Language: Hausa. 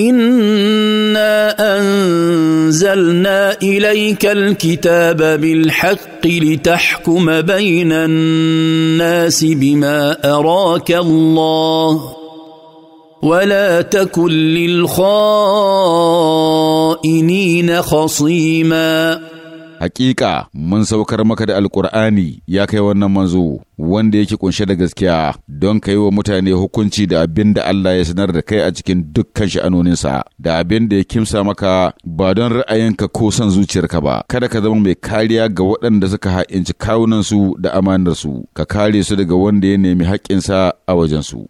انا انزلنا اليك الكتاب بالحق لتحكم بين الناس بما اراك الله ولا تكن للخائنين خصيما Hakika mun saukar maka da alkur'ani ya kai wannan manzo wanda yake kunshe da gaskiya don ka yi wa mutane hukunci da abin da Allah ya sanar da kai a cikin dukkan sha'anoninsa da abin da ya kimsa maka ba don ra'ayinka ko son zuciyarka ba kada ka zama mai kariya ga waɗanda suka ha'inci kawunansu da amanarsu ka kare su daga wanda ya nemi haƙƙinsa a wajensu.